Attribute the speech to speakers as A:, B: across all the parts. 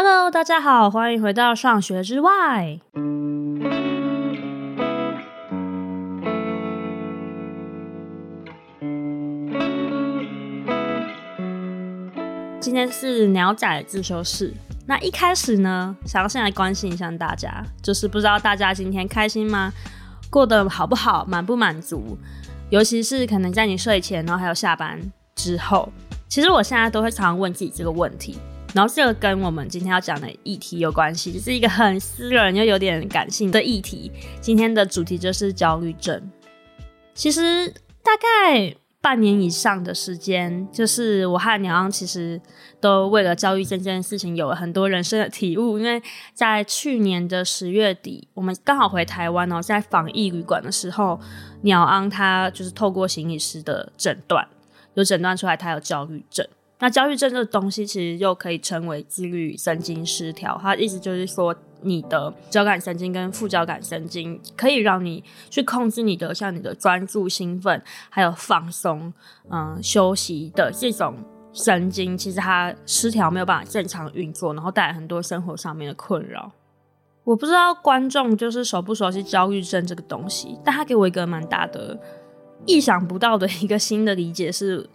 A: Hello，大家好，歡迎回到上學之外。今天是鳥仔的自修室。那一開始呢，想要先來關心一下大家，就是不知道大家今天開心嗎？過得好不好？滿不滿足？尤其是可能在你睡前，然後還有下班之後，其實我現在都會常常問自己這個問題。然後這個跟我們今天要講的議題有關係，就是一個很私人又有點感性的議題。今天的主題就是焦慮症。其實大概半年以上的時間，就是我和鳥昂其實都為了焦慮症這件事情有了很多人生的體悟。因為在去年的十月底，我們剛好回台灣哦，在防疫旅館的時候，鳥昂他就是透過心理師的診斷，有診斷出來他有焦慮症。那焦慮症這個東西，其實又可以稱為自律神經失調。它的意思就是說，你的交感神經跟副交感神經可以讓你去控制你的像你的專注、興奮，還有放鬆、嗯、呃、休息的這種神經，其實它失調沒有辦法正常運作，然後帶來很多生活上面的困擾。我不知道觀眾就是熟不熟悉焦慮症這個東西，但它給我一個蠻大的、意想不到的一個新的理解是。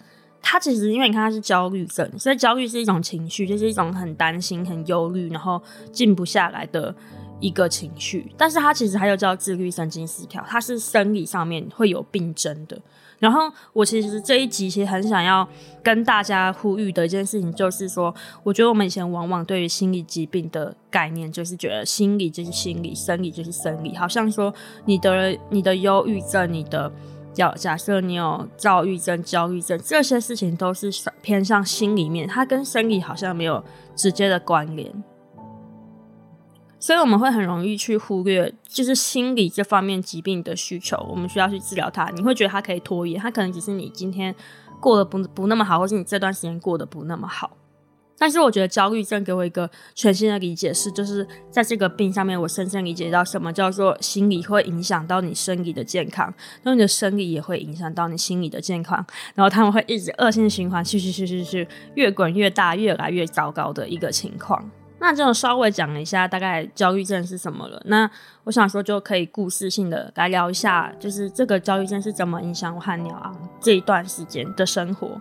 A: 他其實，因為你看他是焦慮症，所以焦慮是一種情緒，就是一種很擔心、很憂慮，然後靜不下來的一個情緒。但是，他其實還有叫自律神經失調，它是生理上面會有病症的。然後，我其實這一集其實很想要跟大家呼籲的一件事情，就是說，我覺得我們以前往往對於心理疾病的概念，就是覺得心理就是心理，生理就是生理，好像說你的你的憂鬱症，你的。假假設你有躁鬱症、焦慮症，這些事情都是偏向心理面，它跟生理好像沒有直接的關聯，所以我們會很容易去忽略，就是心理這方面疾病的需求，我們需要去治療它。你會覺得它可以拖延，它可能只是你今天過得不不那麼好，或是你這段時間過得不那麼好。但是我覺得焦慮症給我一個全新的理解是，就是在這個病上面，我深深理解到什麼叫做心理會影響到你生理的健康，那你的生理也會影響到你心理的健康，然後他們會一直惡性循環，去去去去去越滾越大，越來越糟糕的一個情況。那這種稍微講一下，大概焦慮症是什麼了？那我想說就可以故事性的來聊一下，就是這個焦慮症是怎麼影響我和鳥 ㄤ 這一段時間的生活。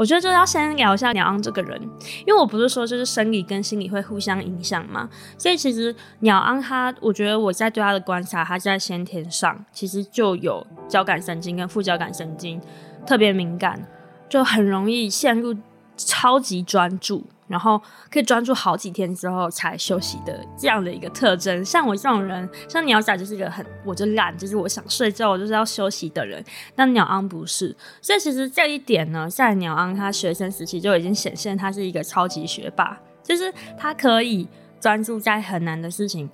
A: 我覺得就要先聊一下鳥 ㄤ 這個人，因為我不是說就是生理跟心理會互相影響嘛，所以其實鳥 ㄤ 他，我覺得我在對他的觀察，他在先天上其實就有交感神經跟副交感神經特別敏感，就很容易陷入超級專注。然後可以專注好幾天之後才休息的這樣的一個特徵，像我這種人，像鳥仔就是一個很，我就懶，就是我想睡覺我就是要休息的人。那鳥昂不是，所以其實這一點呢，在鳥昂他學生時期就已經顯現，他是一個超級學霸，就是他可以專注在很難的事情，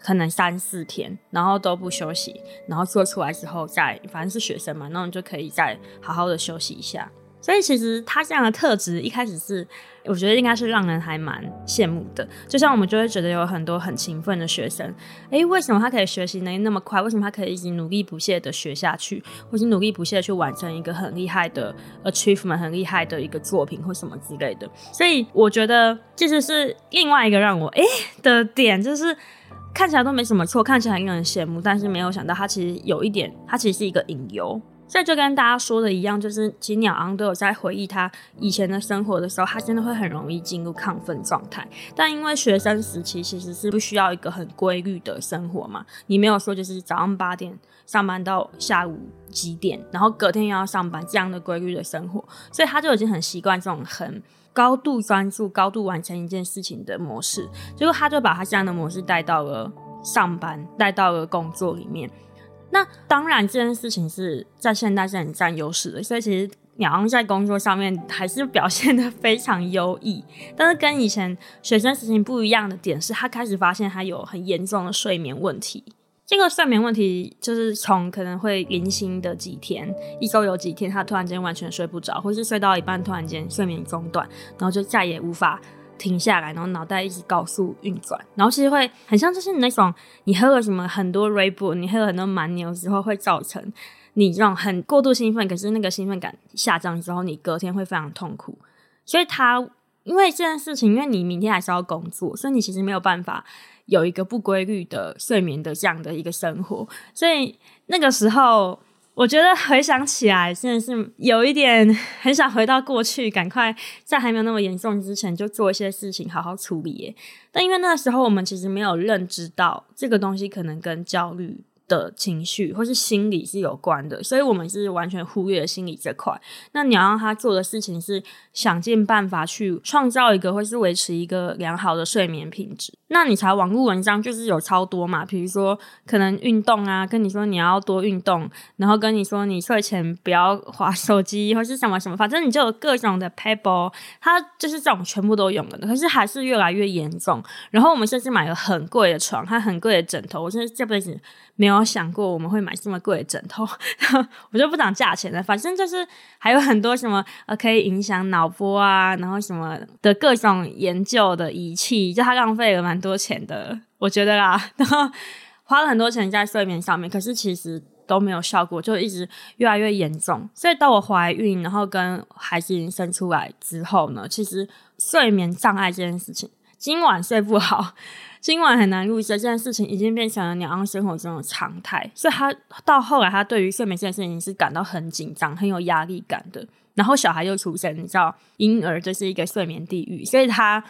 A: 可能三四天，然後都不休息，然後做出來之後再，反正是學生嘛，那我們就可以再好好的休息一下。所以其實他這樣的特質一開始是，我覺得應該是讓人還蠻羨慕的。就像我們就會覺得有很多很勤奮的學生，誒，為什麼他可以學習能力那麼快？為什麼他可以一直努力不懈的學下去，或是努力不懈的去完成一個很厲害的 achievement，很厲害的一個作品或什麼之類的？所以我覺得這就是另外一個讓我誒的點，就是看起來都沒什麼錯，看起來應該很羨慕，但是沒有想到他其實有一點，他其實是一個隱憂。這就跟大家說的一樣，就是其實鳥昂都有在回憶他以前的生活的時候，他真的會很容易進入亢奮狀態。但因為學生時期其實是不需要一個很規律的生活嘛，你沒有說就是早上八點上班到下午幾點，然後隔天又要上班這樣的規律的生活，所以他就已經很習慣這種很高度專注、高度完成一件事情的模式。結果他就把他這樣的模式帶到了上班，帶到了工作裡面。那當然，這件事情是在現代是很占優勢的，所以其實鳥 ㄤ 在工作上面還是表現得非常優異。但是跟以前學生時期不一樣的點是，他開始發現他有很嚴重的睡眠問題。這個睡眠問題就是從可能會零星的幾天，一周有幾天他突然間完全睡不着，或是睡到一半突然間睡眠中斷，然後就再也無法停下來，然後腦袋一直高速運轉，然後其實會很像就是那種你喝了什麼很多 Red Bull，你喝了很多蠻牛之後會造成你這種很過度興奮，可是那個興奮感下降之後，你隔天會非常痛苦。所以他因為這件事情，因為你明天還是要工作，所以你其實沒有辦法有一個不規律的睡眠的這樣的一個生活，所以那個時候。我覺得回想起來，真的是有一點很想回到過去，趕快在還沒有那麼嚴重之前就做一些事情，好好處理耶。但因為那個時候我們其實沒有認知到這個東西可能跟焦慮的情緒或是心理是有關的，所以我們是完全忽略了心理這塊。那你要讓他做的事情是想盡辦法去創造一個或是維持一個良好的睡眠品質。那你查網絡文章就是有超多嘛，比如說可能運動啊，跟你說你要多運動，然後跟你說你睡前不要滑手機或是什麼什麼，反正你就有各種的 paper 它，就是這種全部都用的，可是還是越來越嚴重。然後我們甚至買了很貴的床，還很貴的枕頭，我現在這輩子，沒有想過我們會買這麼貴的枕頭，我就不講價錢了。反正就是還有很多什麼呃可以影響腦波啊，然後什麼的各種研究的儀器，就他浪費了蠻多錢的，我覺得啦。然後花了很多錢在睡眠上面，可是其實都沒有效果，就一直越來越嚴重。所以到我懷孕，然後跟孩子已經生出來之後呢，其實睡眠障礙這件事情，今晚睡不好。今晚很難入睡這件事情已經變成了鳥 ㄤ 生活中的常態，所以他到後來他對於睡眠這件事情是感到很緊張、很有壓力感的。然後小孩又出生，你知道嬰兒就是一個睡眠地獄，所以他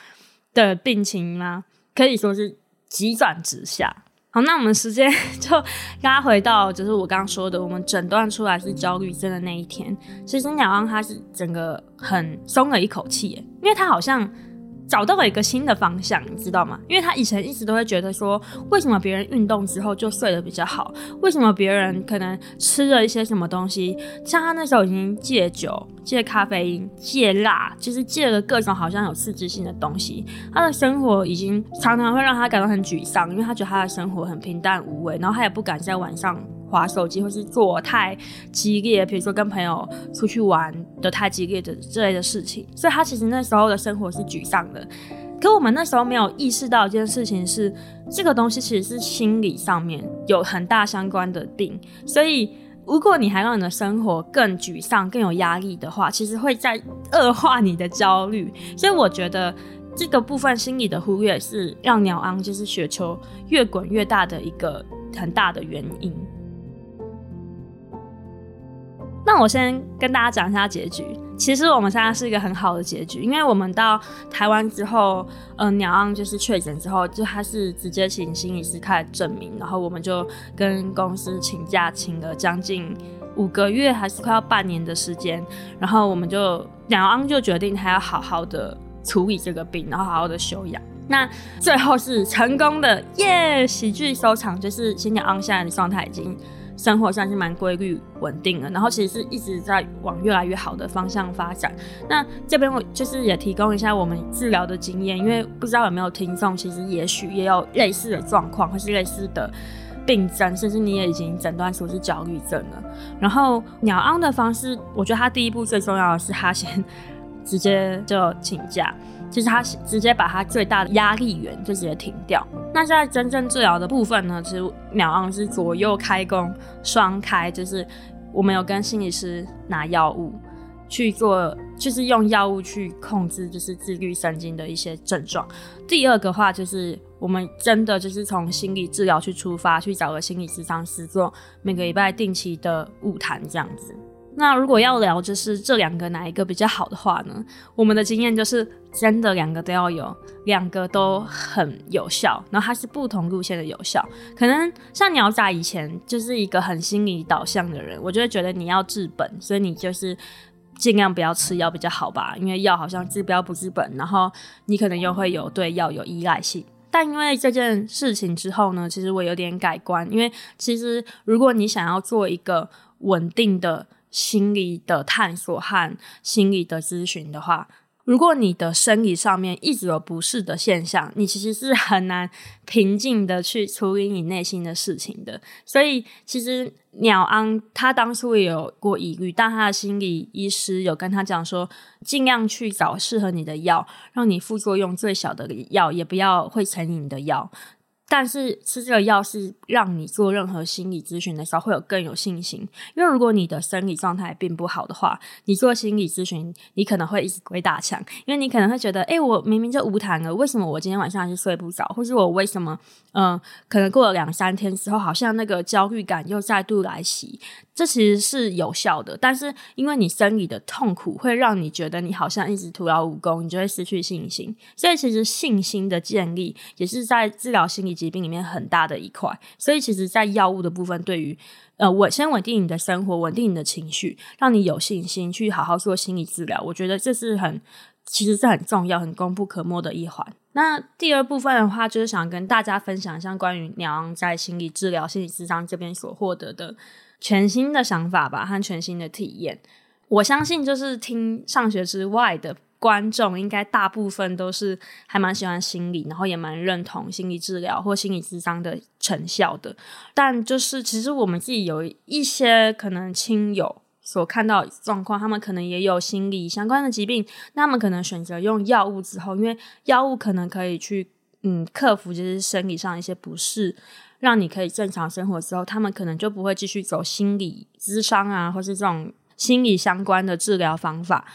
A: 的病情呢、啊、可以說是急轉直下。好，那我們時間就拉回到就是我剛剛說的，我們診斷出來是焦慮症的那一天，其實鳥 ㄤ 他是整個很鬆了一口氣、欸，因為他好像。找到了一個新的方向，你知道嗎？因為他以前一直都會覺得說，為什麼別人運動之後就睡得比較好？為什麼別人可能吃了一些什麼東西？像他那時候已經戒酒、戒咖啡因、戒辣，就是戒了各種好像有刺激性的東西。他的生活已經常常會讓他感到很沮喪，因為他覺得他的生活很平淡無味，然後他也不敢在晚上滑手機或是做太激烈，比如說跟朋友出去玩的太激烈的這類的事情，所以他其實那時候的生活是沮喪的。可我們那時候沒有意識到一件事情是這個東西其實是心理上面有很大相關的病。所以如果你還讓你的生活更沮喪、更有壓力的話，其實會在惡化你的焦慮。所以我覺得這個部分心理的忽略是讓鳥昂就是雪球越滾越大的一個很大的原因。那我先跟大家講一下結局。其實我們現在是一個很好的結局，因為我們到台灣之後，嗯、呃，鳥昂就是確診之後，就他是直接請心理師開證明，然後我們就跟公司請假，請了將近五個月，還是快要半年的時間。然後我們就鳥昂就決定他要好好的處理這個病，然後好好的休養。那最後是成功的耶！Yeah! 喜劇收場，就是新鳥昂現在的狀態已經。生活上是蠻規律、穩定的，然後其實是一直在往越來越好的方向發展。那這邊我就是也提供一下我們治療的經驗，因為不知道有沒有聽眾，其實也許也有類似的狀況，或是類似的病症，甚至你也已經診斷出是焦慮症了。然後鳥 ㄤ 的方式，我覺得他第一步最重要的是他先直接就請假。其、就、實、是、他是直接把他最大的壓力源就直接停掉。那現在真正治療的部分呢，其實鳥 ㄤ 是左右開弓雙開，就是我們有跟心理師拿藥物去做，就是用藥物去控制就是自律神經的一些症狀。第二個話就是我們真的就是從心理治療去出發，去找個心理諮商師做每個禮拜定期的晤談這樣子。那如果要聊就是這兩個哪一個比較好的話呢？我們的經驗就是。真的兩個都要有，兩個都很有效。然後它是不同路線的有效，可能像鳥仔以前就是一個很心理導向的人，我就會覺得你要治本，所以你就是盡量不要吃藥比較好吧，因為藥好像治標不治本，然後你可能又會有對藥有依賴性。但因為這件事情之後呢，其實我有點改觀，因為其實如果你想要做一個穩定的心理的探索和心理的諮詢的話。如果你的生理上面一直有不適的現象，你其實是很難平靜的去處理你內心的事情的。所以，其實鳥 ㄤ 他當初也有過疑慮，但他的心理醫師有跟他講說，盡量去找適合你的藥，讓你副作用最小的藥，也不要會成癮的藥。但是吃這個藥是讓你做任何心理諮詢的時候會有更有信心，因為如果你的生理狀態並不好的話，你做心理諮詢你可能會一直鬼打牆，因為你可能會覺得，哎、欸，我明明就無糖了，為什麼我今天晚上還是睡不着？或是我為什麼，嗯、呃，可能過了兩三天之後，好像那個焦慮感又再度來襲。這其實是有效的，但是因為你生理的痛苦會讓你覺得你好像一直徒勞無功，你就會失去信心。所以其實信心的建立也是在治療心理疾病裡面很大的一塊。所以其實，在藥物的部分，對於呃穩先穩定你的生活，穩定你的情緒，讓你有信心去好好做心理治療，我覺得這是很其實是很重要、很功不可沒的一環。那第二部分的話，就是想跟大家分享一下關於鳥 ㄤ 在心理治療、心理諮商這邊所獲得的。全新的想法吧，和全新的體驗。我相信，就是聽上學之 WHY 的觀眾，應該大部分都是還蠻喜歡心理，然後也蠻認同心理治療或心理諮商的成效的。但就是，其實我們自己有一些可能親友所看到狀況，他們可能也有心理相關的疾病，那他們可能選擇用藥物之後，因為藥物可能可以去嗯克服，就是生理上一些不適。讓你可以正常生活之後，他們可能就不會繼續走心理諮商啊，或是這種心理相關的治療方法。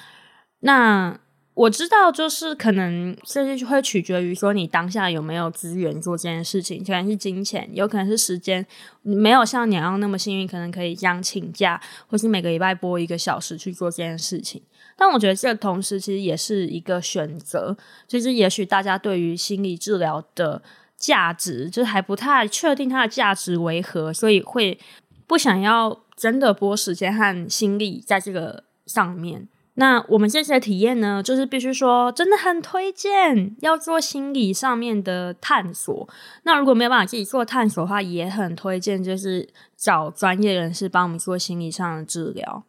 A: 那我知道，就是可能甚至會取決於說你當下有沒有資源做這件事情，可能是金錢，有可能是時間。沒有像你一樣那麼幸運，可能可以這樣請假，或是每個禮拜播一個小時去做這件事情。但我覺得，這同時其實也是一個選擇。其實，也許大家對於心理治療的。價值就是還不太確定它的價值為何，所以會不想要真的撥時間和心力在這個上面。那我們這次的體驗呢，就是必須說真的很推薦要做心理上面的探索。那如果沒有辦法自己做探索的話，也很推薦就是找專業人士幫我們做心理上的治療。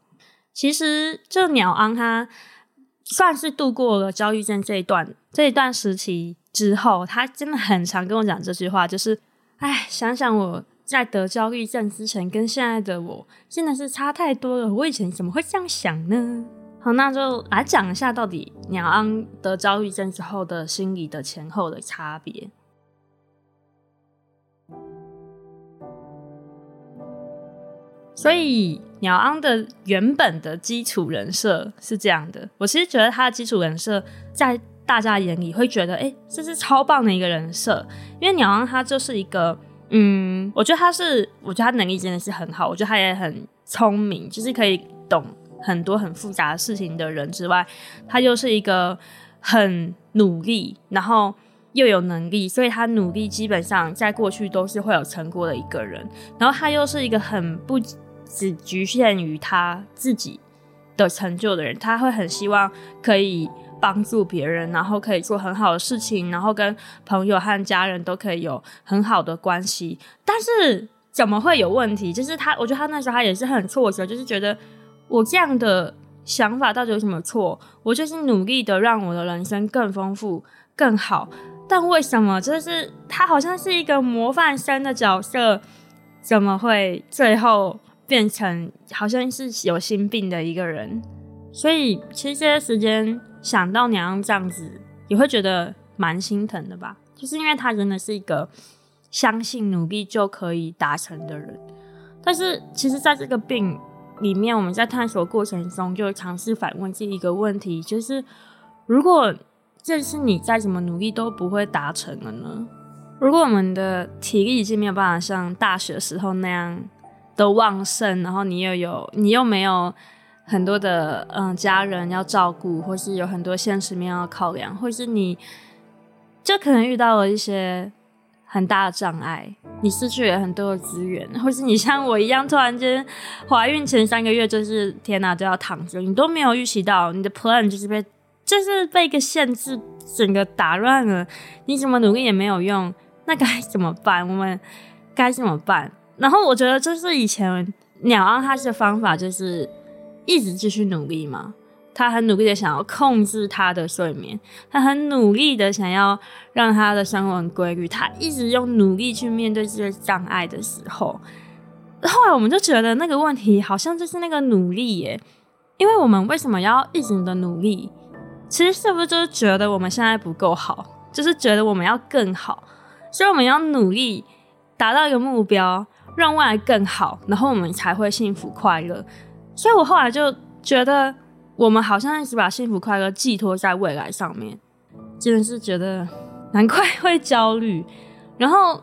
A: 其實這個、鳥安它算是度過了焦慮症這一段這一段時期之後，他真的很常跟我講這句話，就是“哎，想想我在得焦慮症之前跟現在的我，真的是差太多了。我以前怎麼會這樣想呢？”好，那就來講一下，到底鳥 ㄤ 得焦慮症之後的心理的前後的差別。所以鳥昂的原本的基礎人設是這樣的，我其實覺得他的基礎人設在大家眼裡會覺得，哎、欸，這是超棒的一個人設，因為鳥昂他就是一個，嗯，我覺得他是，我覺得他能力真的是很好，我覺得他也很聰明，就是可以懂很多很複雜的事情的人之外，他又是一個很努力，然後又有能力，所以他努力基本上在過去都是會有成果的一個人，然後他又是一個很不只局限於他自己的成就的人，他會很希望可以幫助別人，然後可以做很好的事情，然後跟朋友和家人都可以有很好的關係。但是怎麼會有問題？就是他，我覺得他那時候他也是很挫折，就是覺得我這樣的想法到底有什麼錯？我就是努力的讓我的人生更豐富、更好。但為什麼就是他好像是一個模範生的角色，怎麼會最後？變成好像是有心病的一個人，所以其實這些時間想到你要這樣子，也會覺得蠻心疼的吧。就是因為他真的是一個相信努力就可以達成的人，但是其實在這個病裡面，我們在探索過程中就嘗試反問這一個問題：就是如果這是你再怎麼努力都不會達成了呢？如果我們的體力已經沒有辦法像大學時候那樣。都旺盛，然後你又有你又沒有很多的嗯家人要照顧，或是有很多現實面要考量，或是你就可能遇到了一些很大的障礙，你失去了很多的資源，或是你像我一樣，突然間懷孕前三個月，就是天哪，都要躺着，你都沒有預期到你的 plan 就是被就是被一個限制整個打亂了，你怎麼努力也沒有用，那該怎麼辦？我們該怎麼辦？然後我覺得，就是以前鳥 ㄤ 他的方法，就是一直繼續努力嘛。他很努力的想要控制他的睡眠，他很努力的想要讓他的生活很規律。他一直用努力去面對這些障礙的時候，後來我們就覺得那個問題好像就是那個努力耶。因為我們為什麼要一直的努力？其實是不是就是覺得我們現在不夠好，就是覺得我們要更好，所以我們要努力達到一個目標。讓未來更好，然後我們才會幸福快樂。所以我後來就覺得，我們好像一直把幸福快樂寄託在未來上面，真的是覺得難怪會焦慮。然後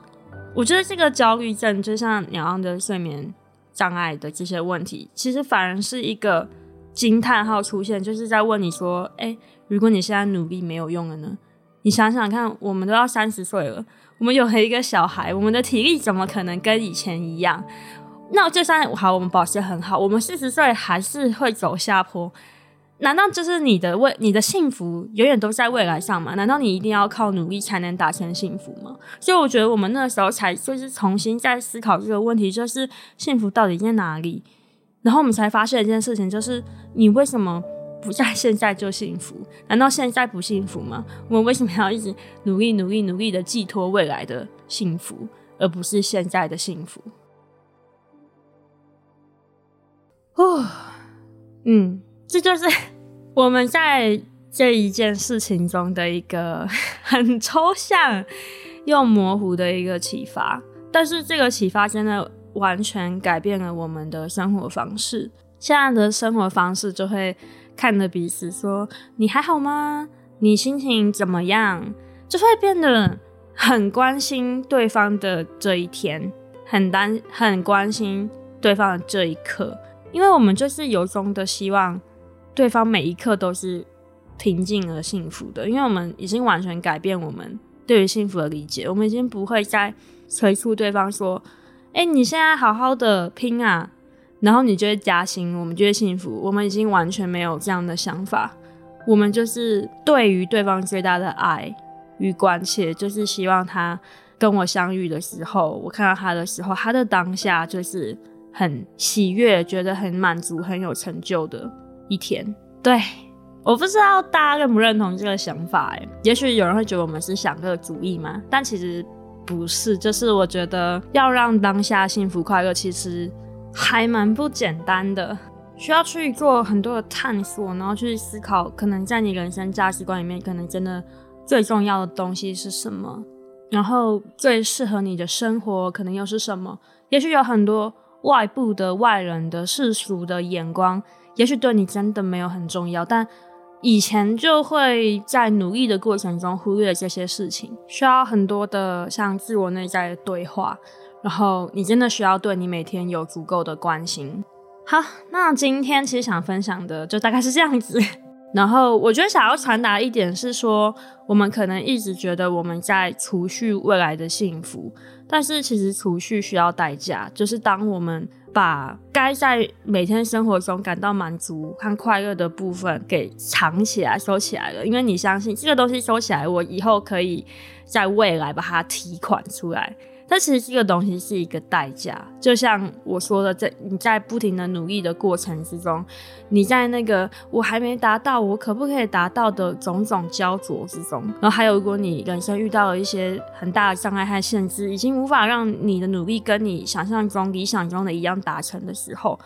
A: 我覺得這個焦慮症就像鳥 ㄤ 的睡眠障礙的這些問題，其實反而是一個驚嘆號出現，就是在問你說：哎，如果你現在努力沒有用了呢？你想想看，我們都要三十歲了，我們有了一個小孩，我們的體力怎麼可能跟以前一樣？那就算好，我們保持很好，我們四十歲還是會走下坡。難道就是你的未，你的幸福永遠都在未來上嗎？難道你一定要靠努力才能達成幸福嗎？所以我覺得我們那時候才就是重新在思考這個問題，就是幸福到底在哪裡？然後我們才發現一件事情，就是你為什麼？不在現在就幸福，難道現在不幸福嗎？我們為什麼要一直努力、努力、努力地寄托未來的幸福，而不是現在的幸福？哦，嗯，這就是我們在這一件事情中的一個很抽象又模糊的一個啟發。但是這個啟發真的完全改變了我們的生活方式，現在的生活方式就會。看着彼此說：“你還好嗎？你心情怎麼樣？”就會變得很關心對方的這一天，很擔，很關心對方的這一刻，因為我們就是由衷的希望對方每一刻都是平靜而幸福的。因為我們已經完全改變我們對於幸福的理解，我們已經不會再催促對方說：“哎、欸，你現在好好的拼啊。”然後你就會加薪，我們就會幸福。我們已經完全沒有這樣的想法。我們就是對於對方最大的愛與關切，就是希望他跟我相遇的時候，我看到他的時候，他的當下就是很喜悅，覺得很滿足，很有成就的一天。對，我不知道大家認不認同這個想法、欸。哎，也許有人會覺得我們是享樂主義嘛？但其實不是，就是我覺得要讓當下幸福快樂，其實。還蠻不簡單的，需要去做很多的探索，然後去思考，可能在你人生價值觀裡面，可能真的最重要的東西是什麼，然後最適合你的生活可能又是什麼。也許有很多外部的、外人的世俗的眼光，也許對你真的沒有很重要，但以前就會在努力的過程中忽略這些事情，需要很多的像自我內在的對話。然後你真的需要對你每天有足夠的關心。好，那今天其實想分享的就大概是這樣子。然後我覺得想要傳達一點是說，我們可能一直覺得我們在儲蓄未來的幸福，但是其實儲蓄需要代價。就是當我們把該在每天生活中感到滿足和快樂的部分給藏起來、收起來了，因為你相信這個東西收起來，我以後可以在未來把它提款出來。那其實這個東西是一個代價，就像我說的，在你在不停的努力的過程之中，你在那個我還沒達到，我可不可以達到的種種焦灼之中。然後還有，如果你人生遇到了一些很大的障礙和限制，已經無法讓你的努力跟你想象中、理想中的一樣達成的時候，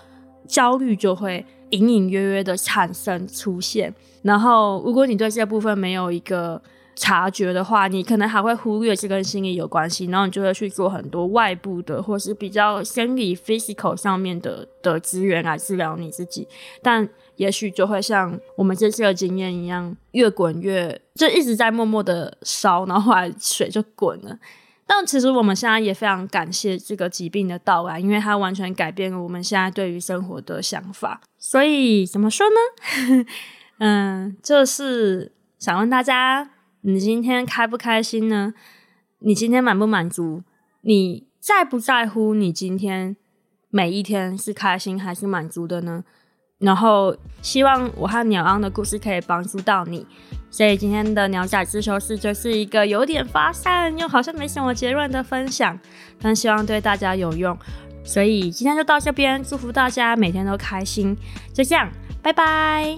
A: 焦慮就會隱隱約約的產生出現。然後，如果你對這部分沒有一個察覺的話，你可能還會忽略這跟心理有關係，然後你就會去做很多外部的，或是比較生理 physical 上面的的資源來治療你自己，但也許就會像我們這次的經驗一樣，越滾越就一直在默默的燒，然後後來水就滾了。但其實我們現在也非常感謝這個疾病的到來，因為它完全改變了我們現在對於生活的想法。所以怎麼說呢？ 嗯，這、就是想問大家。你今天開不開心呢？你今天滿不滿足？你在不在乎你今天每一天是開心還是滿足的呢？然後希望我和鳥 ㄤ 的故事可以幫助到你。所以今天的鳥仔自修室就是一個有點發散，又好像沒什麼結論的分享，但希望對大家有用。所以今天就到這邊，祝福大家每天都開心。就這樣，拜拜。